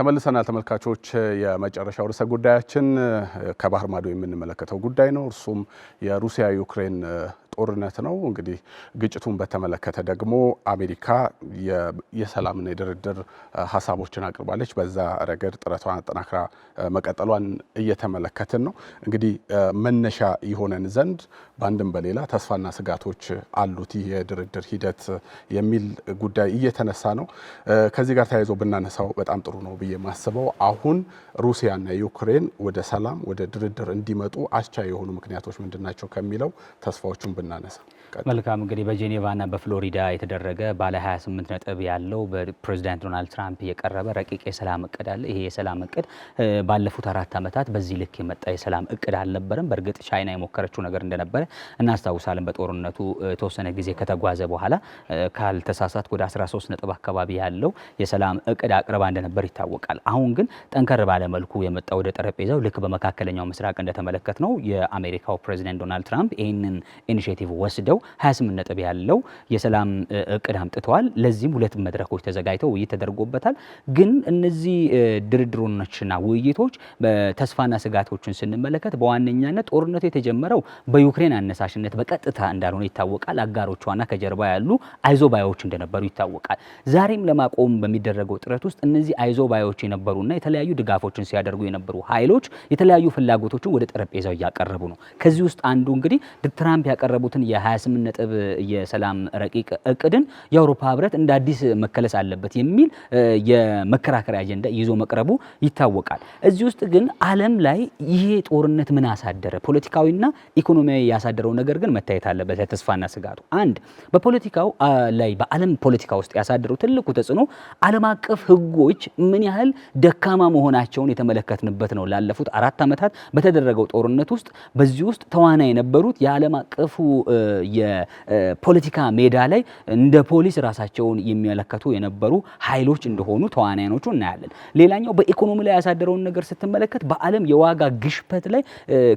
ተመልሰናል ተመልካቾች። የመጨረሻው ርዕሰ ጉዳያችን ከባህር ማዶ የምንመለከተው ጉዳይ ነው። እርሱም የሩሲያ ዩክሬን ጦርነት ነው። እንግዲህ ግጭቱን በተመለከተ ደግሞ አሜሪካ የሰላምና የድርድር ሀሳቦችን አቅርባለች። በዛ ረገድ ጥረቷን አጠናክራ መቀጠሏን እየተመለከትን ነው። እንግዲህ መነሻ የሆነን ዘንድ በአንድም በሌላ ተስፋና ስጋቶች አሉት ይህ የድርድር ሂደት የሚል ጉዳይ እየተነሳ ነው። ከዚህ ጋር ተያይዞ ብናነሳው በጣም ጥሩ ነው ብዬ የማስበው አሁን ሩሲያና ዩክሬን ወደ ሰላም ወደ ድርድር እንዲመጡ አስቻይ የሆኑ ምክንያቶች ምንድን ናቸው ከሚለው ተስፋዎቹን ብና የምናነሳው። መልካም እንግዲህ በጄኔቫና በፍሎሪዳ የተደረገ ባለ 28 ነጥብ ያለው በፕሬዚዳንት ዶናልድ ትራምፕ የቀረበ ረቂቅ የሰላም እቅድ አለ። ይሄ የሰላም እቅድ ባለፉት አራት ዓመታት በዚህ ልክ የመጣ የሰላም እቅድ አልነበረም። በእርግጥ ቻይና የሞከረችው ነገር እንደነበረ እናስታውሳለን። በጦርነቱ የተወሰነ ጊዜ ከተጓዘ በኋላ ካልተሳሳት ወደ 13 ነጥብ አካባቢ ያለው የሰላም እቅድ አቅርባ እንደነበር ይታወቃል። አሁን ግን ጠንከር ባለመልኩ የመጣ ወደ ጠረጴዛው ልክ በመካከለኛው ምስራቅ እንደተመለከት ነው የአሜሪካው ፕሬዚደንት ዶናልድ ትራምፕ ይህንን ኢኒሽቲቭ ወስደው 28 ነጥብ ያለው የሰላም እቅድ አምጥተዋል። ለዚህም ሁለት መድረኮች ተዘጋጅተው ውይይት ተደርጎበታል። ግን እነዚህ ድርድሮችና ውይይቶች ተስፋና ስጋቶችን ስንመለከት በዋነኛነት ጦርነቱ የተጀመረው በዩክሬን አነሳሽነት በቀጥታ እንዳልሆነ ይታወቃል። አጋሮቿና ከጀርባ ያሉ አይዞባዮች እንደነበሩ ይታወቃል። ዛሬም ለማቆም በሚደረገው ጥረት ውስጥ እነዚህ አይዞባዮች የነበሩና የተለያዩ ድጋፎችን ሲያደርጉ የነበሩ ኃይሎች የተለያዩ ፍላጎቶችን ወደ ጠረጴዛው እያቀረቡ ነው። ከዚህ ውስጥ አንዱ እንግዲህ ትራምፕ ያቀረቡትን የ28 ስምንት ነጥብ የሰላም ረቂቅ እቅድን የአውሮፓ ህብረት እንደ አዲስ መከለስ አለበት የሚል የመከራከሪያ አጀንዳ ይዞ መቅረቡ ይታወቃል። እዚህ ውስጥ ግን ዓለም ላይ ይሄ ጦርነት ምን አሳደረ፣ ፖለቲካዊና ኢኮኖሚያዊ ያሳደረው ነገር ግን መታየት አለበት። ተስፋና ስጋቱ አንድ በፖለቲካው ላይ በዓለም ፖለቲካ ውስጥ ያሳደረው ትልቁ ተጽዕኖ ዓለም አቀፍ ህጎች ምን ያህል ደካማ መሆናቸውን የተመለከትንበት ነው። ላለፉት አራት ዓመታት በተደረገው ጦርነት ውስጥ በዚህ ውስጥ ተዋና የነበሩት የዓለም አቀፉ የፖለቲካ ሜዳ ላይ እንደ ፖሊስ ራሳቸውን የሚመለከቱ የነበሩ ኃይሎች እንደሆኑ ተዋናያኖቹ እናያለን። ሌላኛው በኢኮኖሚ ላይ ያሳደረውን ነገር ስትመለከት በዓለም የዋጋ ግሽበት ላይ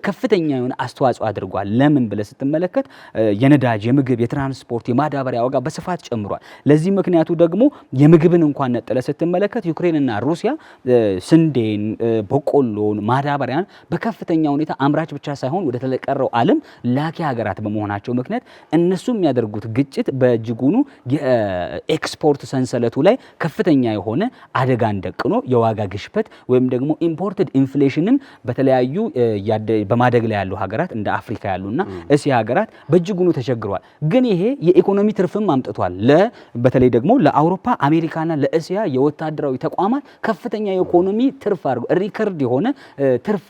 ከፍተኛ የሆነ አስተዋጽኦ አድርጓል። ለምን ብለህ ስትመለከት የነዳጅ፣ የምግብ፣ የትራንስፖርት፣ የማዳበሪያ ዋጋ በስፋት ጨምሯል። ለዚህ ምክንያቱ ደግሞ የምግብን እንኳን ነጥለ ስትመለከት ዩክሬንና ሩሲያ ስንዴን፣ በቆሎን፣ ማዳበሪያን በከፍተኛ ሁኔታ አምራች ብቻ ሳይሆን ወደ ተለቀረው ዓለም ላኪ ሀገራት በመሆናቸው ምክንያት እነሱ የሚያደርጉት ግጭት በእጅጉኑ የኤክስፖርት ሰንሰለቱ ላይ ከፍተኛ የሆነ አደጋን ደቅኖ የዋጋ ግሽበት ወይም ደግሞ ኢምፖርትድ ኢንፍሌሽንን በተለያዩ በማደግ ላይ ያሉ ሀገራት እንደ አፍሪካ ያሉና እስያ ሀገራት በእጅጉኑ ተቸግሯል። ግን ይሄ የኢኮኖሚ ትርፍም አምጥቷል። በተለይ ደግሞ ለአውሮፓ አሜሪካና ለእስያ የወታደራዊ ተቋማት ከፍተኛ የኢኮኖሚ ትርፍ አድርጎ ሪከርድ የሆነ ትርፍ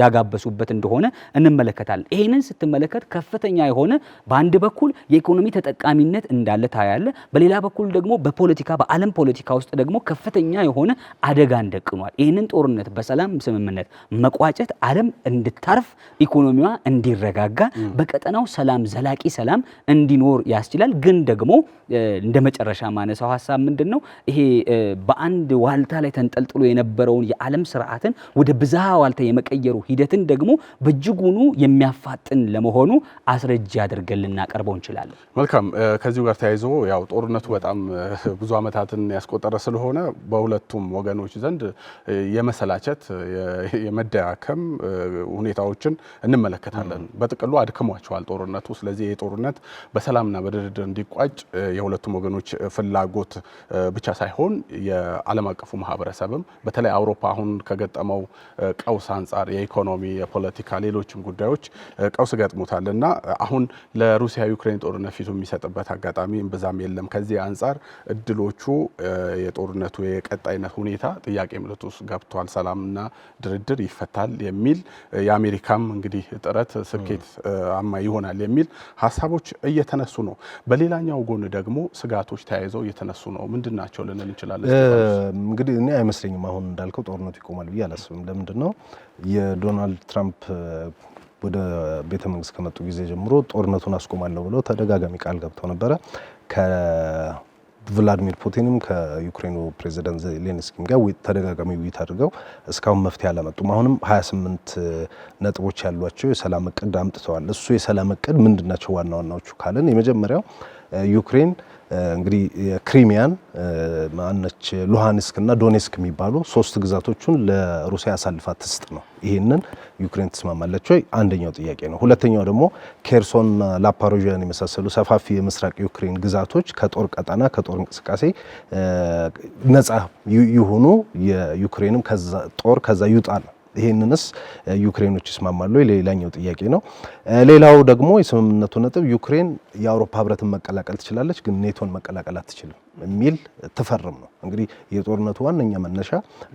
ያጋበሱበት እንደሆነ እንመለከታለን። ይህንን ስትመለከት ከፍተኛ የሆነ በአንድ በኩል የኢኮኖሚ ተጠቃሚነት እንዳለ ታያለ፣ በሌላ በኩል ደግሞ በፖለቲካ በዓለም ፖለቲካ ውስጥ ደግሞ ከፍተኛ የሆነ አደጋን ደቅኗል። ይህንን ጦርነት በሰላም ስምምነት መቋጨት ዓለም እንድታርፍ ኢኮኖሚዋ እንዲረጋጋ በቀጠናው ሰላም ዘላቂ ሰላም እንዲኖር ያስችላል። ግን ደግሞ እንደ መጨረሻ ማነሳው ሀሳብ ምንድን ነው? ይሄ በአንድ ዋልታ ላይ ተንጠልጥሎ የነበረውን የዓለም ስርዓትን ወደ ብዝሃ ዋልታ የመቀየሩ ሂደትን ደግሞ በእጅጉኑ የሚያፋጥን ለመሆኑ አስረጃ ያደርገልን ልናቀርበው እንችላለን። መልካም። ከዚሁ ጋር ተያይዞ ያው ጦርነቱ በጣም ብዙ ዓመታትን ያስቆጠረ ስለሆነ በሁለቱም ወገኖች ዘንድ የመሰላቸት የመደያከም ሁኔታዎችን እንመለከታለን። በጥቅሉ አድክሟቸዋል ጦርነቱ። ስለዚህ ይህ ጦርነት በሰላምና በድርድር እንዲቋጭ የሁለቱም ወገኖች ፍላጎት ብቻ ሳይሆን የዓለም አቀፉ ማህበረሰብም በተለይ አውሮፓ አሁን ከገጠመው ቀውስ አንጻር የኢኮኖሚ፣ የፖለቲካ ሌሎችም ጉዳዮች ቀውስ ገጥሞታል እና አሁን ለ ለሩሲያ ዩክሬን ጦርነት ፊቱ የሚሰጥበት አጋጣሚ እምብዛም የለም። ከዚህ አንጻር እድሎቹ የጦርነቱ የቀጣይነት ሁኔታ ጥያቄ ምልክት ውስጥ ገብቷል። ሰላምና ድርድር ይፈታል የሚል የአሜሪካም እንግዲህ ጥረት ስኬት አማ ይሆናል የሚል ሀሳቦች እየተነሱ ነው። በሌላኛው ጎን ደግሞ ስጋቶች ተያይዘው እየተነሱ ነው። ምንድን ናቸው ልንል እንችላለን? እንግዲህ እኔ አይመስለኝም አሁን እንዳልከው ጦርነቱ ይቆማል ብዬ አላስብም። ለምንድን ነው የዶናልድ ትራምፕ ወደ ቤተ መንግስት ከመጡ ጊዜ ጀምሮ ጦርነቱን አስቆማለሁ ብለው ተደጋጋሚ ቃል ገብተው ነበረ። ከቭላዲሚር ፑቲንም ከዩክሬኑ ፕሬዚደንት ዜሌንስኪም ጋር ተደጋጋሚ ውይይት አድርገው እስካሁን መፍትሄ አላመጡም። አሁንም 28 ነጥቦች ያሏቸው የሰላም እቅድ አምጥተዋል። እሱ የሰላም እቅድ ምንድናቸው ዋና ዋናዎቹ ካለን የመጀመሪያው ዩክሬን እንግዲህ የክሪሚያን ማነች ሉሃንስክ እና ዶኔስክ የሚባሉ ሶስት ግዛቶቹን ለሩሲያ አሳልፋ ትስጥ ነው። ይህንን ዩክሬን ትስማማለች ወይ? አንደኛው ጥያቄ ነው። ሁለተኛው ደግሞ ኬርሶንና ላፓሮዣን የመሳሰሉ ሰፋፊ የምስራቅ ዩክሬን ግዛቶች ከጦር ቀጠና ከጦር እንቅስቃሴ ነጻ ይሁኑ፣ የዩክሬንም ጦር ከዛ ይውጣ ነው። ይሄንንስ ዩክሬኖች ይስማማሉ? ሌላኛው ጥያቄ ነው። ሌላው ደግሞ የስምምነቱ ነጥብ ዩክሬን የአውሮፓ ህብረትን መቀላቀል ትችላለች፣ ግን ኔቶን መቀላቀል አትችልም የሚል ትፈርም ነው። እንግዲህ የጦርነቱ ዋነኛ መነሻ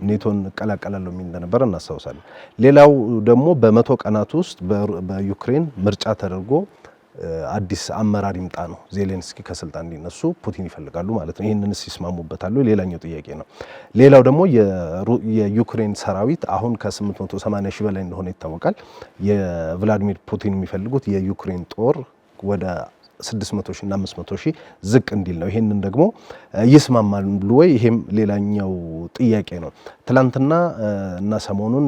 ኔቶን እቀላቀላለሁ የሚል እንደነበረ እናስታውሳለን። ሌላው ደግሞ በመቶ ቀናት ውስጥ በዩክሬን ምርጫ ተደርጎ አዲስ አመራር ይምጣ ነው። ዜሌንስኪ ከስልጣን እንዲነሱ ፑቲን ይፈልጋሉ ማለት ነው። ይህንን ይስማሙበታሉ? ሌላኛው ጥያቄ ነው። ሌላው ደግሞ የዩክሬን ሰራዊት አሁን ከ880 ሺህ በላይ እንደሆነ ይታወቃል። የቭላዲሚር ፑቲን የሚፈልጉት የዩክሬን ጦር ወደ 600 ሺህ እና 500 ሺህ ዝቅ እንዲል ነው። ይህንን ደግሞ ይስማማሉ ወይ? ይሄም ሌላኛው ጥያቄ ነው። ትላንትና እና ሰሞኑን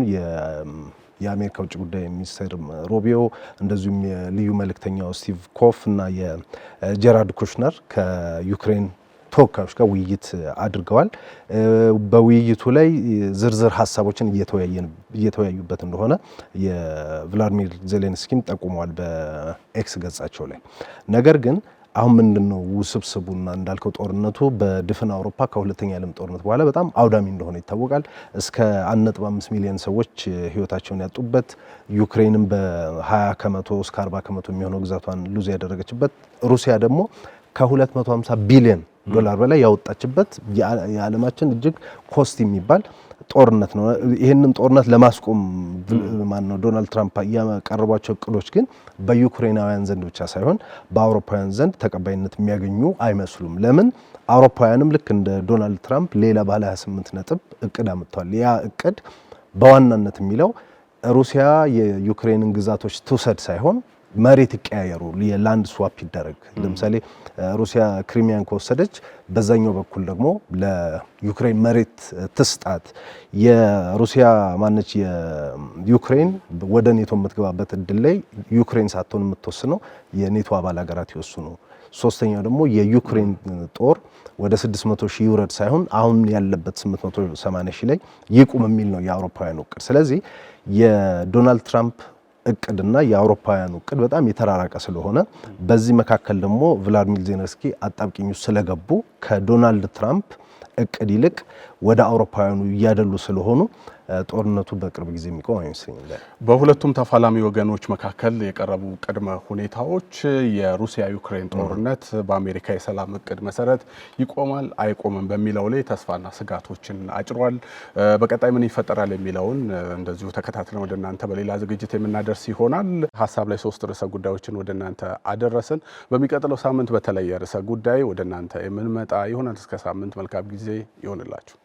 የአሜሪካ ውጭ ጉዳይ ሚኒስትር ሮቢዮ እንደዚሁም የልዩ መልእክተኛው ስቲቭ ኮፍ እና የጀራርድ ኩሽነር ከዩክሬን ተወካዮች ጋር ውይይት አድርገዋል። በውይይቱ ላይ ዝርዝር ሀሳቦችን እየተወያዩበት እንደሆነ የቭላዲሚር ዜሌንስኪም ጠቁመዋል በኤክስ ገጻቸው ላይ ነገር ግን አሁን ምንድን ነው ውስብስቡና እንዳልከው ጦርነቱ በድፍን አውሮፓ ከሁለተኛ ዓለም ጦርነት በኋላ በጣም አውዳሚ እንደሆነ ይታወቃል። እስከ 1.5 ሚሊዮን ሰዎች ህይወታቸውን ያጡበት ዩክሬንም በ20 ከመቶ እስከ 40 ከመቶ የሚሆነው ግዛቷን ሉዝ ያደረገችበት ሩሲያ ደግሞ ከ250 ቢሊዮን ዶላር በላይ ያወጣችበት የዓለማችን እጅግ ኮስት የሚባል ጦርነት ነው። ይህንን ጦርነት ለማስቆም ማን ነው ዶናልድ ትራምፕ ያቀረቧቸው እቅዶች ግን በዩክሬናውያን ዘንድ ብቻ ሳይሆን በአውሮፓውያን ዘንድ ተቀባይነት የሚያገኙ አይመስሉም። ለምን? አውሮፓውያንም ልክ እንደ ዶናልድ ትራምፕ ሌላ ባለ 28 ነጥብ እቅድ አምጥተዋል። ያ እቅድ በዋናነት የሚለው ሩሲያ የዩክሬንን ግዛቶች ትውሰድ ሳይሆን መሬት ይቀያየሩ፣ የላንድ ስዋፕ ይደረግ። ለምሳሌ ሩሲያ ክሪሚያን ከወሰደች በዛኛው በኩል ደግሞ ለዩክሬን መሬት ትስጣት። የሩሲያ ማነች የዩክሬን ወደ ኔቶ የምትገባበት እድል ላይ ዩክሬን ሳትሆን የምትወስነው የኔቶ አባል ሀገራት ይወስኑ። ሶስተኛው ደግሞ የዩክሬን ጦር ወደ 600 ሺህ ይውረድ ሳይሆን አሁን ያለበት 880 ሺህ ላይ ይቁም የሚል ነው የአውሮፓውያን እቅድ። ስለዚህ የዶናልድ ትራምፕ እቅድና የአውሮፓውያኑ እቅድ በጣም የተራራቀ ስለሆነ በዚህ መካከል ደግሞ ቭላድሚር ዜለንስኪ አጣብቂኙ ስለገቡ ከዶናልድ ትራምፕ እቅድ ይልቅ ወደ አውሮፓውያኑ እያደሉ ስለሆኑ ጦርነቱ በቅርብ ጊዜ የሚቆም አይመስለኝም። በሁለቱም ተፋላሚ ወገኖች መካከል የቀረቡ ቅድመ ሁኔታዎች የሩሲያ ዩክሬን ጦርነት በአሜሪካ የሰላም እቅድ መሰረት ይቆማል አይቆምም በሚለው ላይ ተስፋና ስጋቶችን አጭሯል። በቀጣይ ምን ይፈጠራል የሚለውን እንደዚሁ ተከታትለን ወደ እናንተ በሌላ ዝግጅት የምናደርስ ይሆናል። ሀሳብ ላይ ሶስት ርዕሰ ጉዳዮችን ወደ እናንተ አደረስን። በሚቀጥለው ሳምንት በተለየ ርዕሰ ጉዳይ ወደ እናንተ የምንመጣ ይሆናል። እስከ ሳምንት መልካም ጊዜ ይሆንላችሁ።